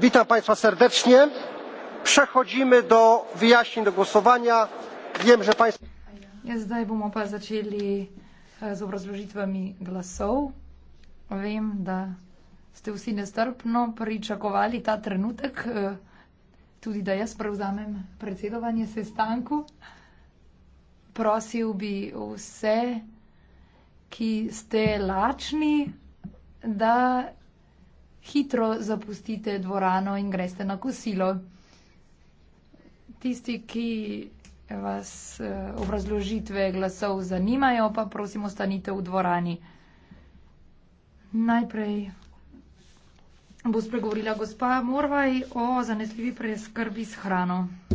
witam państwa serdecznie przechodzimy do wyjaśnień do głosowania wiem że państwo Jetzt da bomo pa začeli z obrazložitvami glasov. Vem, da ste vsi nestrpno pričakovali ta trenutek, e, tudi da jaz prevzamem predsedovanje sestanku. Prosil bi vse, ki ste lačni, da hitro zapustite dvorano in greste na kosilo. Tisti, ki vas eh, obrazložitve glasov zanimajo, pa prosim ostanite v dvorani. Najprej bo spregovorila gospa Morvaj o zanesljivi preskrbi s hrano.